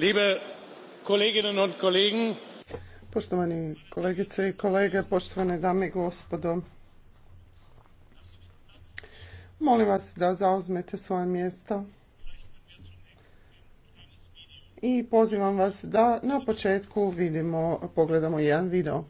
liebe kolleginnen und poštovani kolegice i kolege poštovane dame i gospodo molim vas da zauzmete svoja mjesta i pozivam vas da na početku vidimo pogledamo jedan video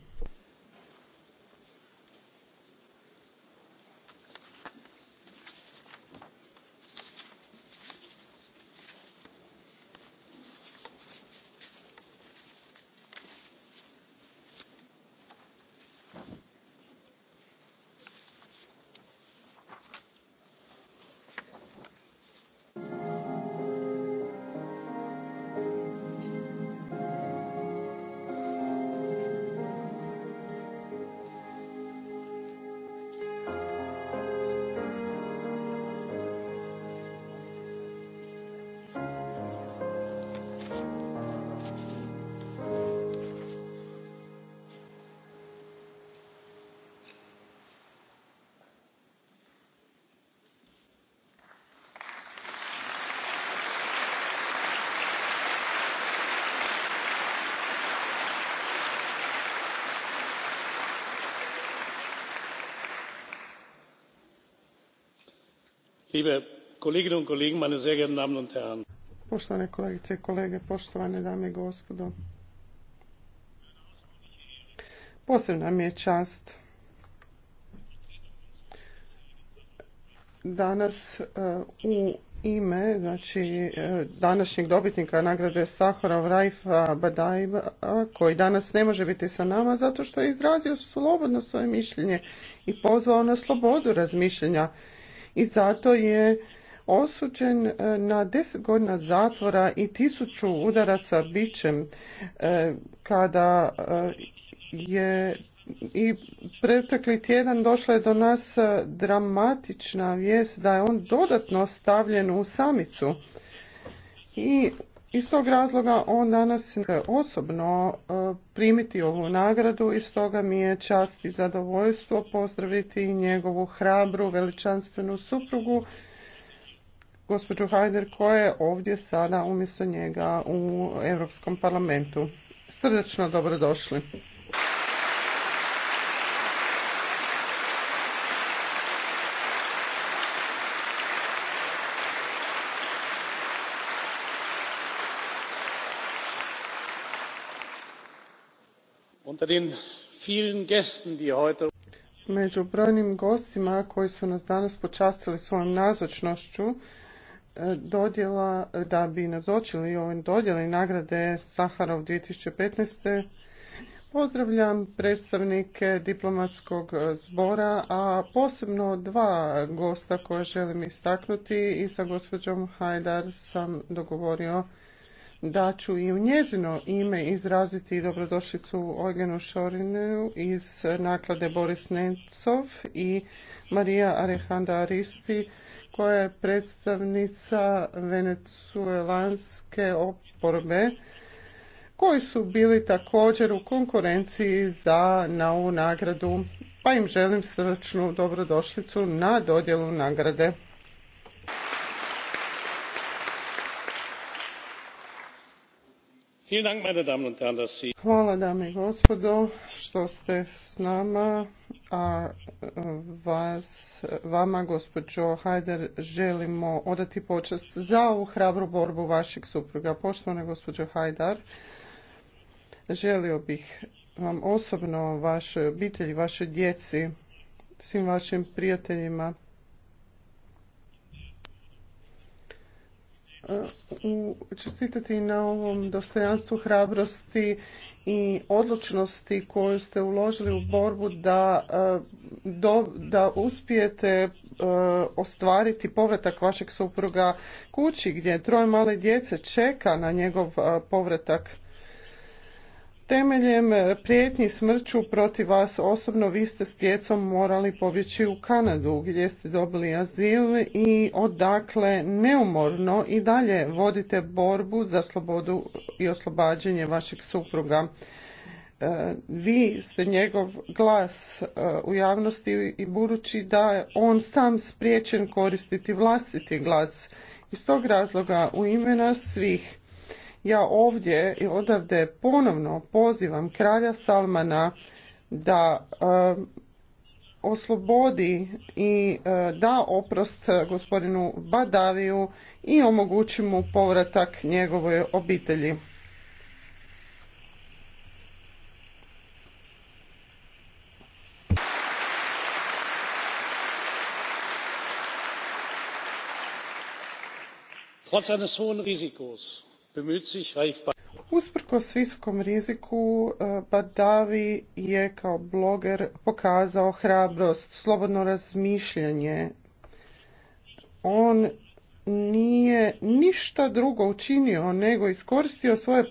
liebe kolleginnen und kollegen meine poštovane kolegice i kolege poštovane dame i gospodo posebna mi je čast danas e, u ime znači e, današnjeg dobitnika nagrade Saharov raifa Badajba koji danas ne može biti sa nama zato što je izrazio slobodno svoje mišljenje i pozvao na slobodu razmišljanja i zato je osuđen e, na deset godina zatvora i tisuću udaraca bićem e, kada e, je i pretekli tjedan došla je do nas dramatična vijest da je on dodatno stavljen u samicu i iz tog razloga on danas e, osobno e, primiti ovu nagradu i stoga mi je čast i zadovoljstvo pozdraviti njegovu hrabru, veličanstvenu suprugu, gospođu Hajder, koja je ovdje sada umjesto njega u Europskom parlamentu. Srdečno dobrodošli. Među brojnim gostima koji su nas danas počastili svojom nazočnošću, e, dodjela, e, da bi nazočili ovoj dodjeli nagrade Saharov 2015. Pozdravljam predstavnike diplomatskog zbora, a posebno dva gosta koje želim istaknuti i sa gospođom Hajdar sam dogovorio da ću i u njezino ime izraziti dobrodošlicu Oljenu Šorinu iz naklade Boris Nencov i Marija Arehanda Aristi koja je predstavnica venecuelanske oporbe koji su bili također u konkurenciji za na ovu nagradu pa im želim srčnu dobrodošlicu na dodjelu nagrade. Hvala dame i gospodo što ste s nama, a e, vama gospođo Hajdar, želimo odati počast za ovu hrabru borbu vašeg supruga. Poštovana gospođo Hajdar, želio bih vam osobno, vašoj obitelji, vašoj djeci, svim vašim prijateljima čestitati na ovom dostojanstvu hrabrosti i odlučnosti koju ste uložili u borbu da, e, da uspijete e, ostvariti povratak vašeg supruga kući gdje troje male djece čeka na njegov e, povratak Temeljem prijetnji smrću protiv vas osobno vi ste s djecom morali pobjeći u Kanadu gdje ste dobili azil i odakle neumorno i dalje vodite borbu za slobodu i oslobađanje vašeg supruga. E, vi ste njegov glas e, u javnosti i budući da je on sam spriječen koristiti vlastiti glas. Iz tog razloga u imena svih ja ovdje i odavde ponovno pozivam kralja Salmana da eh, oslobodi i eh, da oprost gospodinu Badaviju i omogući mu povratak njegovoj obitelji. Trotz eines hohen Usprkos visokom riziku, eh, Badavi je kao bloger pokazao hrabrost, slobodno razmišljanje. On nije ništa drugo učinio nego iskoristio svoje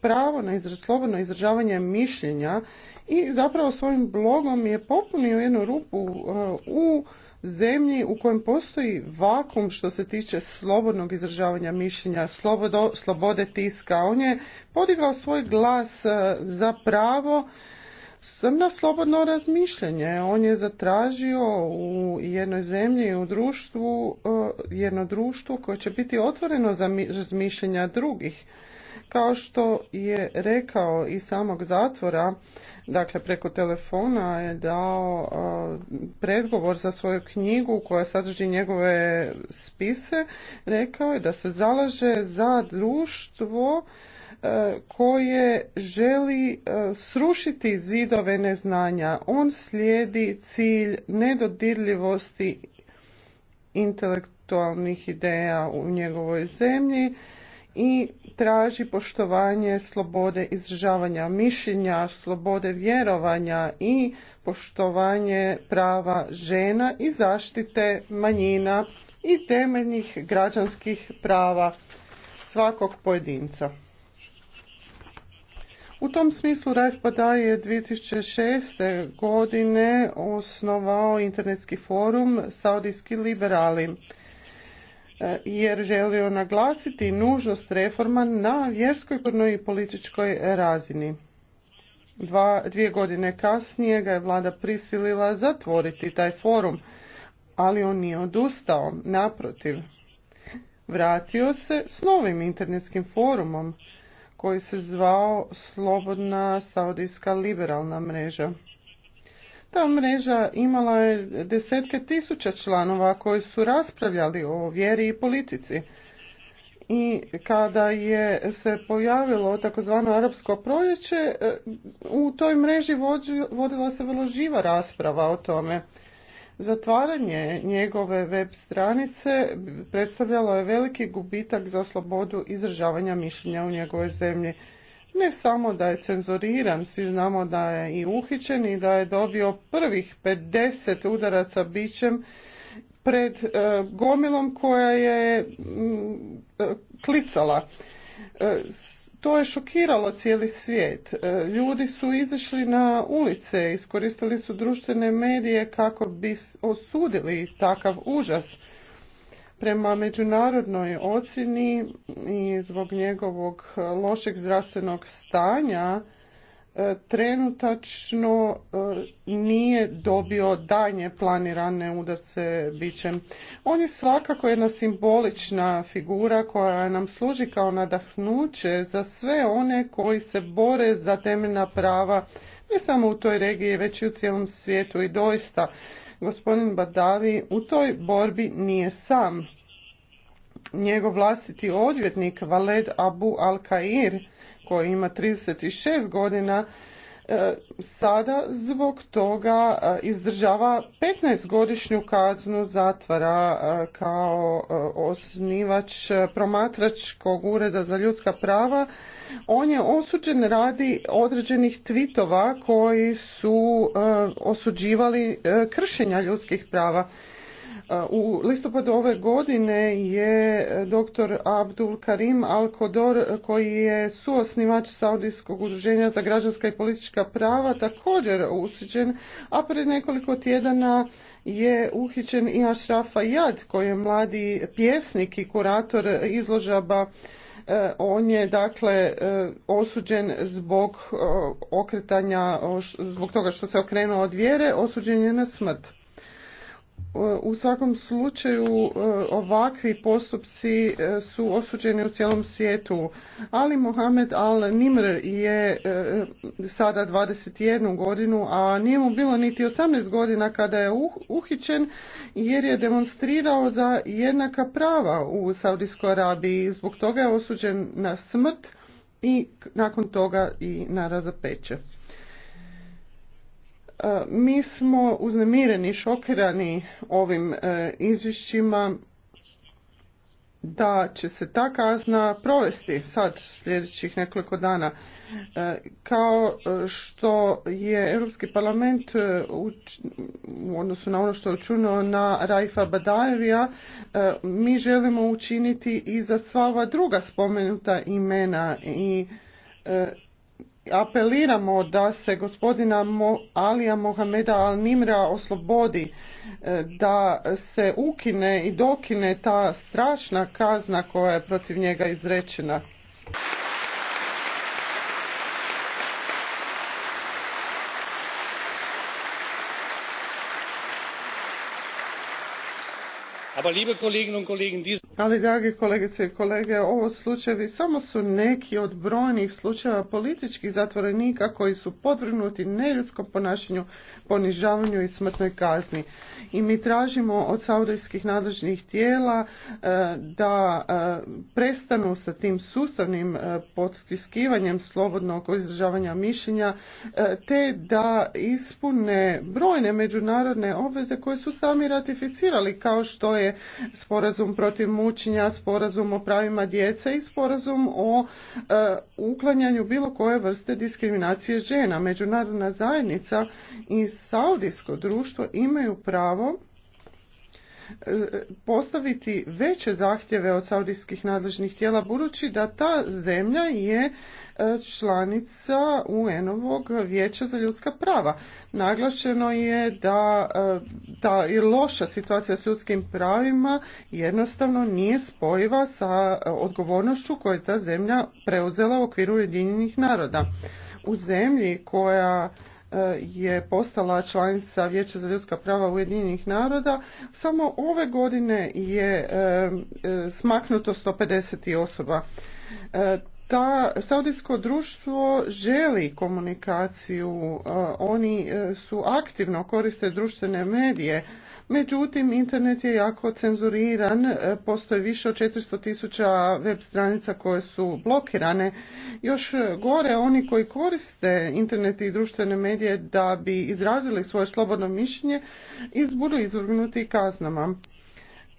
pravo na slobodno izražavanje mišljenja i zapravo svojim blogom je popunio jednu rupu eh, u zemlji u kojem postoji vakum što se tiče slobodnog izražavanja mišljenja, slobode tiska. On je podigao svoj glas e, za pravo na slobodno razmišljanje. On je zatražio u jednoj zemlji, i u društvu, e, jedno društvo koje će biti otvoreno za razmišljanja drugih. Kao što je rekao iz samog zatvora, dakle preko telefona je dao predgovor za svoju knjigu koja sadrži njegove spise, rekao je da se zalaže za društvo koje želi srušiti zidove neznanja. On slijedi cilj nedodirljivosti intelektualnih ideja u njegovoj zemlji i traži poštovanje slobode izražavanja mišljenja, slobode vjerovanja i poštovanje prava žena i zaštite manjina i temeljnih građanskih prava svakog pojedinca. U tom smislu Badaj je 2006. godine osnovao internetski forum Saudijski liberali jer želio naglasiti nužnost reforma na vjerskoj i političkoj razini. Dva, dvije godine kasnije ga je vlada prisilila zatvoriti taj forum, ali on nije odustao, naprotiv. Vratio se s novim internetskim forumom koji se zvao Slobodna saudijska liberalna mreža. Ta mreža imala je desetke tisuća članova koji su raspravljali o vjeri i politici. I kada je se pojavilo takozvano arapsko proljeće, e, u toj mreži vodila se vrlo živa rasprava o tome. Zatvaranje njegove web stranice predstavljalo je veliki gubitak za slobodu izražavanja mišljenja u njegovoj zemlji ne samo da je cenzuriran, svi znamo da je i uhićen i da je dobio prvih 50 udaraca bićem pred e, gomilom koja je mm, e, klicala. E, to je šokiralo cijeli svijet. Ljudi su izašli na ulice, iskoristili su društvene medije kako bi osudili takav užas. Prema međunarodnoj ocjeni i zbog njegovog lošeg zdravstvenog stanja e, trenutačno e, nije dobio danje planirane udace bićem. On je svakako jedna simbolična figura koja nam služi kao nadahnuće za sve one koji se bore za temeljna prava ne samo u toj regiji već i u cijelom svijetu i doista Gospodin Badavi u toj borbi nije sam. Njegov vlastiti odvjetnik Valed Abu Al-Kair koji ima 36 godina E, sada zbog toga e, izdržava 15-godišnju kaznu zatvara e, kao osnivač promatračkog ureda za ljudska prava. On je osuđen radi određenih tvitova koji su osuđivali kršenja ljudskih prava. U listopadu ove godine je e, dr. Abdul Karim Al-Kodor, e, koji je suosnivač Saudijskog udruženja za građanska i politička prava, također usiđen, a pred nekoliko tjedana je uhićen i Ashraf Yad, koji je mladi pjesnik i kurator izložaba e, on je dakle osuđen zbog okretanja, zbog toga što se okrenuo od vjere, osuđen je na smrt. E, u svakom slučaju e, ovakvi postupci e, su osuđeni u cijelom svijetu. Ali Mohamed Al-Nimr je sada 21 godinu, a nije mu bilo niti 18 godina kada je uhićen jer je demonstrirao za jednaka prava u Saudijskoj Arabiji. Zbog toga je osuđen na smrt i nakon toga i na razapeće. E, mi smo uznemireni, šokirani ovim e, izvješćima da će se ta kazna provesti sad sljedećih nekoliko dana. E, kao što je Europski parlament u odnosu na ono što je učinio na Rajfa Badajevija, mi želimo učiniti i za sva ova druga spomenuta imena i apeliramo da se gospodina Alija Mohameda Al-Nimra oslobodi, e, da se ukine i dokine ta strašna kazna koja je protiv njega izrečena. Ali, dragi kolegice i kolege, ovo slučajevi samo su neki od brojnih slučajeva političkih zatvorenika koji su podvrgnuti neljudskom ponašanju, ponižavanju i smrtnoj kazni. I mi tražimo od saudijskih nadležnih tijela e, da e, prestanu sa tim sustavnim e, potiskivanjem slobodnog izražavanja mišljenja, te da ispune brojne međunarodne obveze koje su sami ratificirali, kao što je sporazum protiv mučenja, sporazum o pravima djece i sporazum o e, uklanjanju bilo koje vrste diskriminacije žena. Međunarodna zajednica i saudijsko društvo imaju pravo postaviti veće zahtjeve od saudijskih nadležnih tijela budući da ta zemlja je e, članica UN-ovog vijeća za ljudska prava. Naglašeno je da e, ta i loša situacija s ljudskim pravima jednostavno nije spojiva sa odgovornošću koju je ta zemlja preuzela u okviru Ujedinjenih naroda. U zemlji koja je postala članica Vijeća za ljudska prava Ujedinjenih naroda, samo ove godine je smaknuto 150 osoba. E, ta saudijsko društvo želi komunikaciju, oni e, su aktivno koriste društvene medije, Međutim, internet je jako cenzuriran, e, postoji više od 400 tisuća web stranica koje su blokirane. Još gore, oni koji koriste internet i društvene medije da bi izrazili svoje slobodno mišljenje, izbudu izvrgnuti kaznama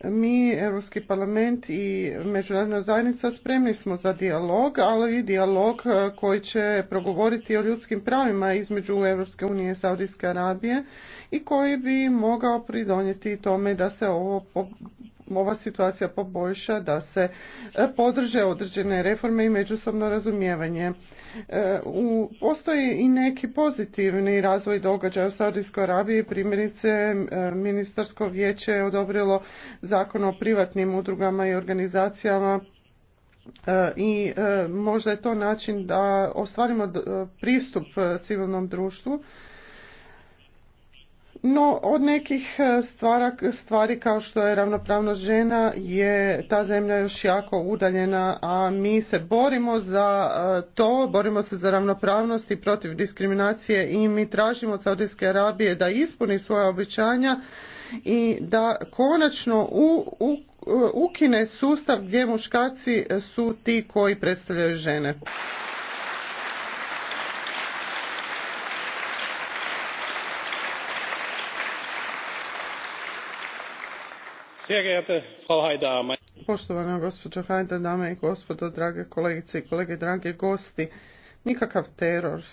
mi, Europski parlament i međunarodna zajednica spremni smo za dijalog, ali i dijalog e, koji će progovoriti o ljudskim pravima između Europske unije i Saudijske Arabije i koji bi mogao pridonijeti tome da se ovo ova situacija poboljša, da se e, podrže određene reforme i međusobno razumijevanje. E, u, postoji i neki pozitivni razvoj događaja u Saudijskoj Arabiji. Primjerice, e, ministarsko vijeće je odobrilo zakon o privatnim udrugama i organizacijama i možda je to način da ostvarimo pristup civilnom društvu no, od nekih e, stvara, stvari kao što je ravnopravnost žena je ta zemlja još jako udaljena, a mi se borimo za e, to, borimo se za ravnopravnost i protiv diskriminacije i mi tražimo od Saudijske Arabije da ispuni svoja običanja i da konačno ukine sustav gdje muškarci su ti koji predstavljaju žene. Poštovana gospođo Hajda, dame i gospodo, drage kolegice i kolege, dragi gosti, nikakav teror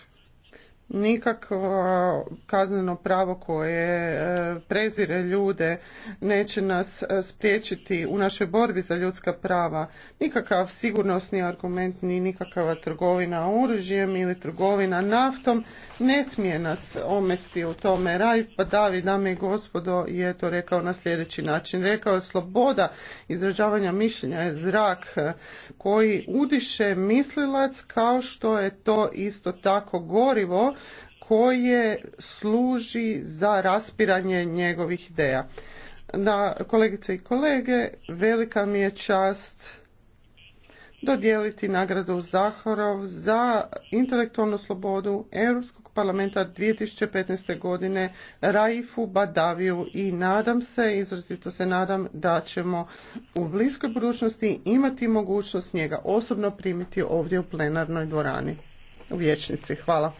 nikakvo kazneno pravo koje e, prezire ljude neće nas e, spriječiti u našoj borbi za ljudska prava. Nikakav sigurnosni argument ni nikakava trgovina oružjem ili trgovina naftom ne smije nas omesti u tome. Raj pa Davi, dame i gospodo, je to rekao na sljedeći način. Rekao je sloboda izražavanja mišljenja je zrak e, koji udiše mislilac kao što je to isto tako gorivo koje služi za raspiranje njegovih ideja. Da, kolegice i kolege, velika mi je čast dodijeliti nagradu Zahorov za intelektualnu slobodu Europskog parlamenta 2015. godine Raifu Badaviju i nadam se, izrazito se nadam da ćemo u bliskoj budućnosti imati mogućnost njega osobno primiti ovdje u plenarnoj dvorani u vječnici. Hvala.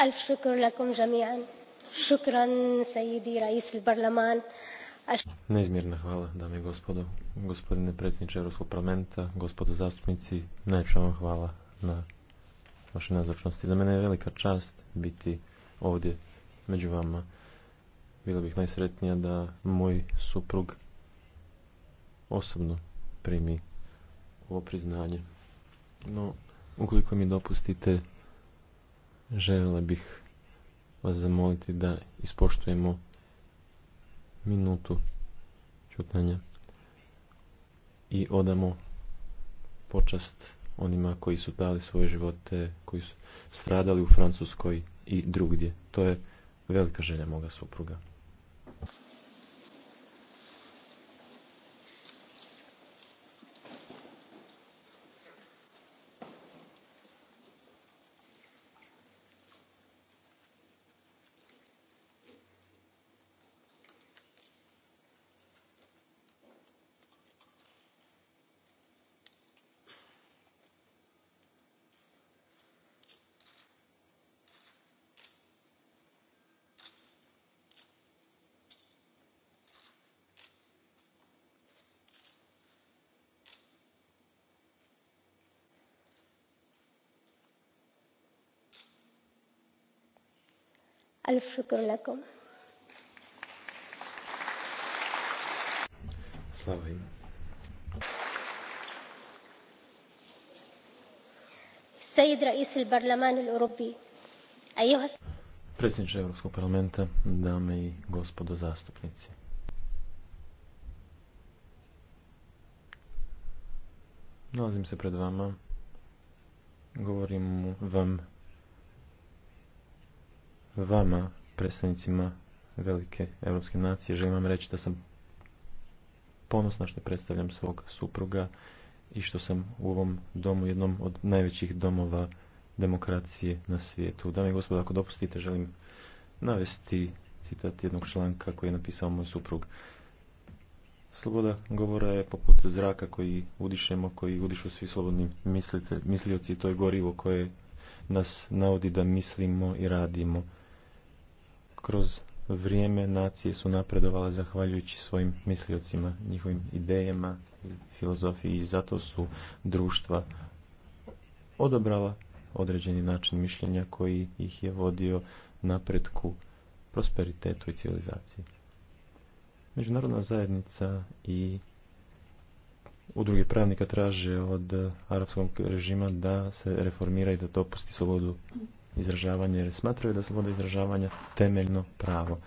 ألف شكر لكم جميعا شكرا سيدي رئيس البرلمان Neizmjerna hvala, dame i gospodo, gospodine predsjedniče Europskog parlamenta, gospodo zastupnici, najče vam hvala na vašoj nazočnosti. Za mene je velika čast biti ovdje među vama. Bila bih najsretnija da moj suprug osobno primi ovo priznanje. No, ukoliko mi dopustite, Želela bih vas zamoliti da ispoštujemo minutu čutanja i odamo počast onima koji su dali svoje živote, koji su stradali u Francuskoj i drugdje. To je velika želja moga supruga. ألف شكر لكم Slava im. Sejid Rais il Predsjedniče Europskog parlamenta, dame i gospodo zastupnici. Nalazim se pred vama. Govorim vam vama, predstavnicima velike europske nacije, želim vam reći da sam ponosna što predstavljam svog supruga i što sam u ovom domu jednom od najvećih domova demokracije na svijetu. Dame i gospodo, ako dopustite, želim navesti citat jednog članka koji je napisao moj suprug. Sloboda govora je poput zraka koji udišemo, koji udišu svi slobodni mislioci i To je gorivo koje nas navodi da mislimo i radimo kroz vrijeme nacije su napredovale zahvaljujući svojim misliocima, njihovim idejama i filozofiji i zato su društva odobrala određeni način mišljenja koji ih je vodio napretku, prosperitetu i civilizaciji. Međunarodna zajednica i udruge pravnika traže od arapskog režima da se reformira i da dopusti slobodu Izražavanje, jer smatraju da sloboda izražavanja temeljno pravo.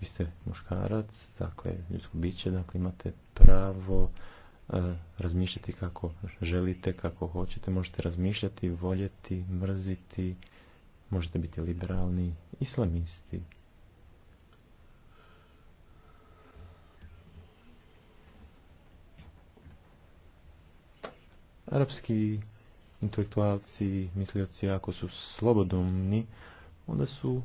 Vi ste muškarac, dakle ljudsko biće, dakle imate pravo e, razmišljati kako želite, kako hoćete, možete razmišljati, voljeti, mrziti, možete biti liberalni, islamisti, arapski intelektualci mislioci ako su slobodomni onda su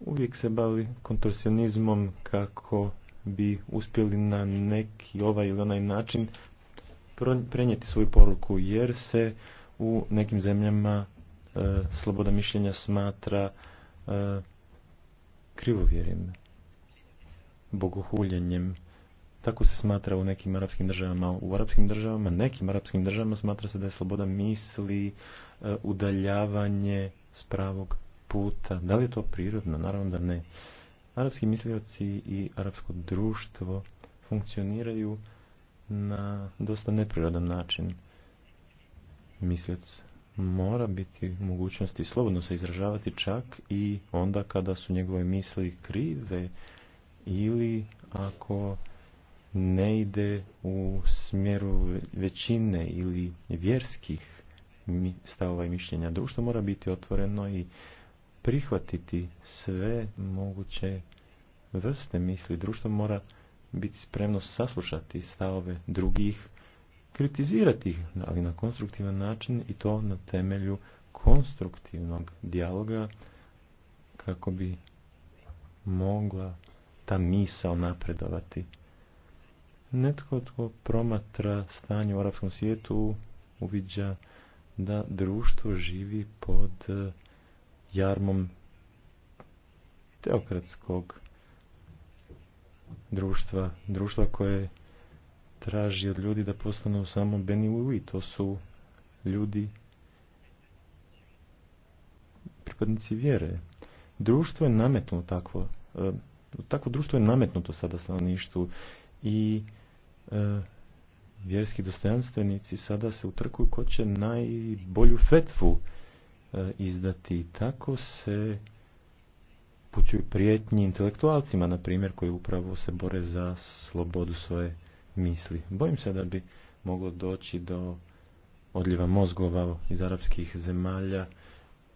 uvijek se bavili kontorsionizmom kako bi uspjeli na neki ovaj ili onaj način prenijeti svoju poruku, jer se u nekim zemljama e, sloboda mišljenja smatra e, krivovjerim, bogohuljenjem. Tako se smatra u nekim arapskim državama. U arapskim državama, nekim arapskim državama smatra se da je sloboda misli, e, udaljavanje s pravog puta. Da li je to prirodno? Naravno da ne. Arapski mislioci i arapsko društvo funkcioniraju na dosta neprirodan način. Mislioc mora biti mogućnosti slobodno se izražavati čak i onda kada su njegove misli krive ili ako ne ide u smjeru većine ili vjerskih stavova i mišljenja. Društvo mora biti otvoreno i prihvatiti sve moguće vrste misli. Društvo mora biti spremno saslušati stavove drugih, kritizirati ih, ali na konstruktivan način i to na temelju konstruktivnog dijaloga kako bi mogla ta misao napredovati. Netko tko promatra stanje u arapskom svijetu uviđa da društvo živi pod eh, jarmom teokratskog društva, društva koje traži od ljudi da postanu samo Beni to su ljudi pripadnici vjere. Društvo je nametno takvo, eh, takvo društvo je nametnuto sada stanovništvu i E, vjerski dostojanstvenici sada se utrkuju ko će najbolju fetvu e, izdati. Tako se pućuju prijetnji intelektualcima, na primjer, koji upravo se bore za slobodu svoje misli. Bojim se da bi moglo doći do odljiva mozgova iz arapskih zemalja,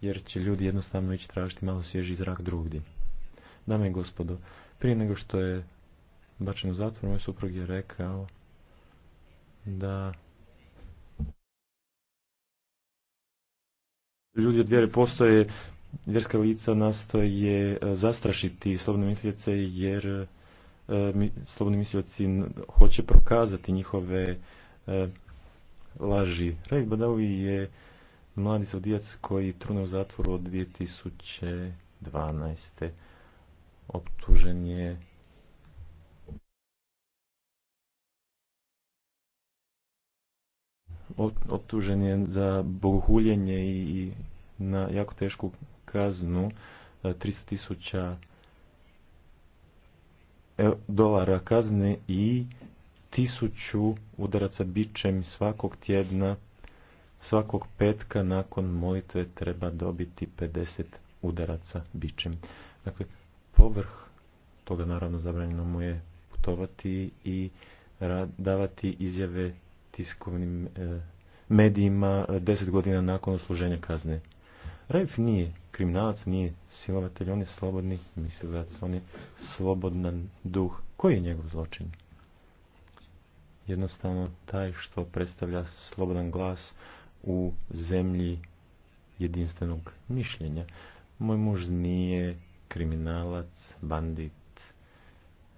jer će ljudi jednostavno ići tražiti malo svježi zrak drugdje. Dame i gospodo, prije nego što je bačen u zatvor, moj suprug je rekao da ljudi od vjere postoje, vjerska lica nastoje e, zastrašiti slobodne mislioce jer e, slobodni mislioci hoće prokazati njihove e, laži. Raj Badawi je mladi saudijac koji trune u zatvoru od 2012. Optužen je optužen je za bogohuljenje i na jako tešku kaznu 300 e, tisuća e, dolara kazne i tisuću udaraca bičem svakog tjedna, svakog petka nakon molitve treba dobiti 50 udaraca bičem. Dakle, povrh toga naravno zabranjeno mu je putovati i davati izjave tiskovnim e, medijima e, deset godina nakon osluženja kazne. Rajf nije kriminalac, nije silovatelj, on je slobodni mislilac, on je slobodan duh. Koji je njegov zločin? Jednostavno taj što predstavlja slobodan glas u zemlji jedinstvenog mišljenja. Moj muž nije kriminalac, bandit,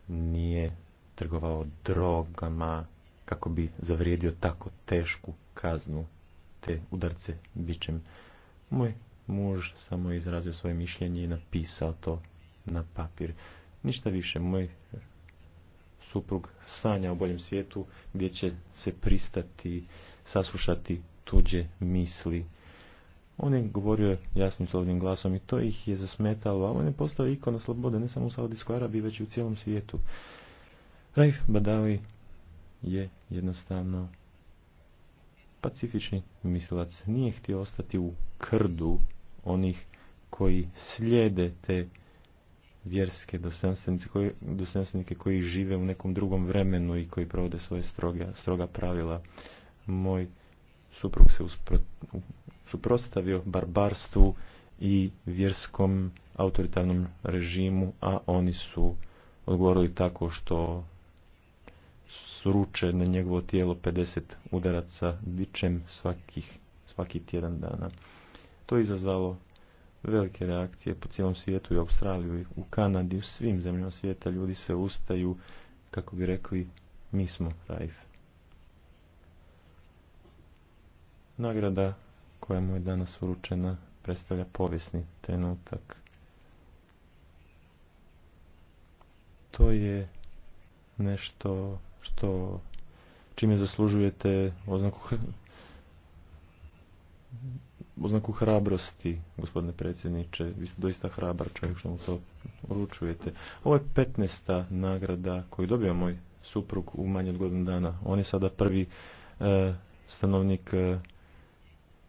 nije trgovao drogama, kako bi zavrijedio tako tešku kaznu te udarce bićem. Moj muž samo je izrazio svoje mišljenje i napisao to na papir. Ništa više, moj suprug sanja o boljem svijetu gdje će se pristati, saslušati tuđe misli. On je govorio jasnim slovnim glasom i to ih je zasmetalo, a on je postao ikona slobode ne samo u Saudijskoj Arabiji, već i u cijelom svijetu. Raif Badawi je jednostavno pacifični mislilac. Nije htio ostati u krdu onih koji slijede te vjerske dostojanstvenike koji, koji žive u nekom drugom vremenu i koji provode svoje stroga, stroga pravila. Moj suprug se suprotstavio barbarstvu i vjerskom autoritarnom režimu, a oni su odgovorili tako što sruče na njegovo tijelo 50 udaraca bičem svakih, svaki tjedan dana. To je izazvalo velike reakcije po cijelom svijetu i u Australiju u Kanadi, u svim zemljama svijeta ljudi se ustaju kako bi rekli mi smo Raif. Nagrada koja mu je danas uručena predstavlja povijesni trenutak. To je nešto što čime zaslužujete oznaku oznaku hrabrosti, gospodine predsjedniče. Vi ste doista hrabar čovjek što mu to uručujete. Ovo je 15. nagrada koju dobio moj suprug u manje od godinu dana. On je sada prvi e, stanovnik e,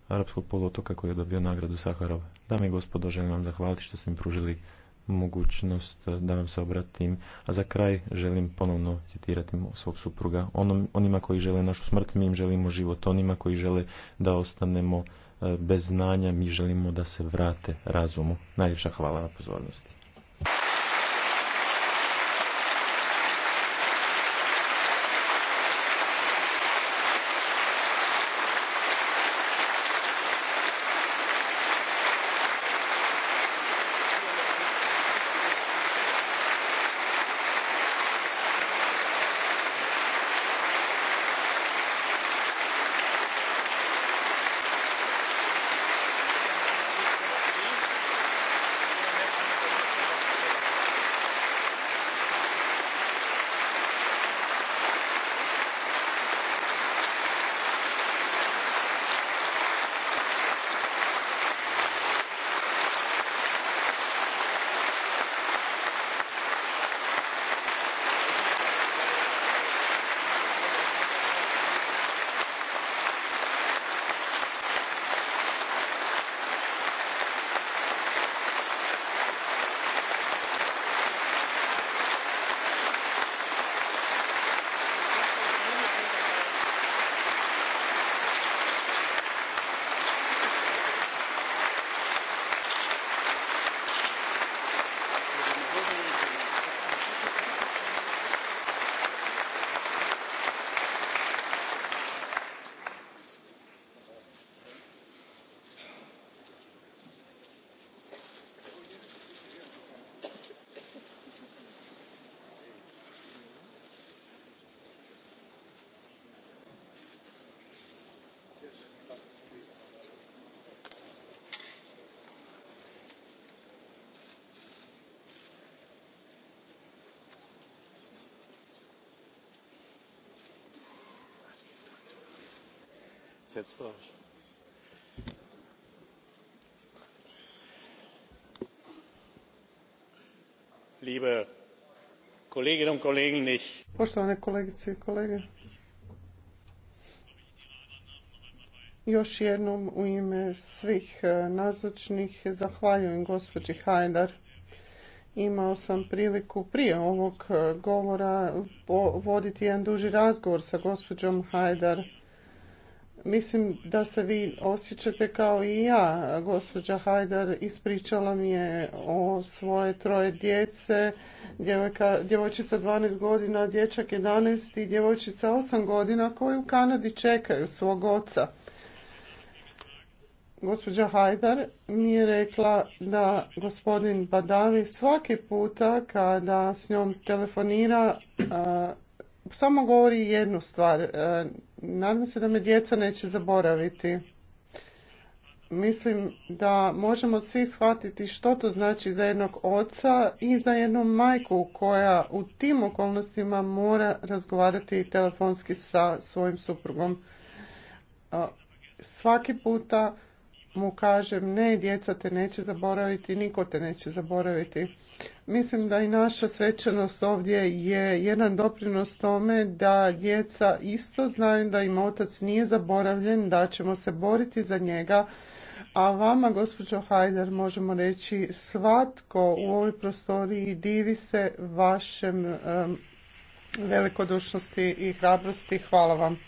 Arapskog polotoka koji je dobio nagradu Saharova. Dame i gospodo, želim vam zahvaliti što ste mi pružili mogućnost eh, da vam se obratim. A za kraj želim ponovno citirati svog supruga. Onima koji žele našu smrt, mi im želimo život. Onima koji žele da ostanemo eh, bez znanja, mi želimo da se vrate razumu. Najljepša hvala na pozornosti. liebe kolleginnen und kollegen! poštovane kolegice i kolege još jednom u ime svih e, nazočnih zahvaljujem gospođi hajdar imao sam priliku prije ovog e, govora voditi jedan duži razgovor sa gospođom hajdar Mislim da se vi osjećate kao i ja. Gospođa Hajdar ispričala mi je o svoje troje djece, djevojčica 12 godina, dječak 11 i djevojčica 8 godina koji u Kanadi čekaju svog oca. Gospođa Hajdar mi je rekla da gospodin Badavi svaki puta kada s njom telefonira samo govori jednu stvar e, Nadam se da me djeca neće zaboraviti. Mislim da možemo svi shvatiti što to znači za jednog oca i za jednu majku koja u tim okolnostima mora razgovarati telefonski sa svojim suprugom. Svaki puta mu kažem ne, djeca te neće zaboraviti, niko te neće zaboraviti. Mislim da i naša svečanost ovdje je jedan doprinos tome da djeca isto znaju da im otac nije zaboravljen, da ćemo se boriti za njega, a vama, gospođo Hajder, možemo reći svatko u ovoj prostoriji divi se vašem velikodušnosti i hrabrosti. Hvala vam.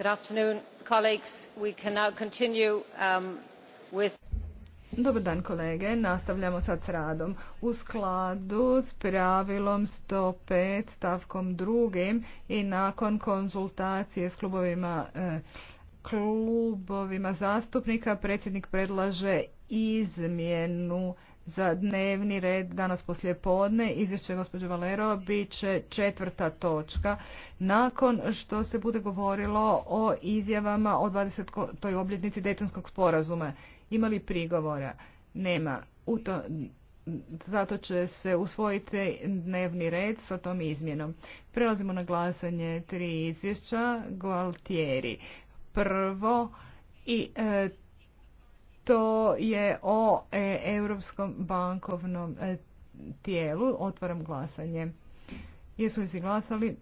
Um, Dobar dan kolege, nastavljamo sad s radom. U skladu s pravilom 105 stavkom drugim i nakon konzultacije s klubovima, eh, klubovima zastupnika predsjednik predlaže izmjenu za dnevni red danas poslije podne. Izvješće gospođe Valero bit će četvrta točka nakon što se bude govorilo o izjavama o 20. toj obljetnici Dejtonskog sporazuma. Imali prigovora? Nema. U zato će se usvojiti dnevni red sa tom izmjenom. Prelazimo na glasanje tri izvješća Gualtieri. Prvo i e, to je o e, Europskom bankovnom e, tijelu. Otvaram glasanje. Jesu li si glasali?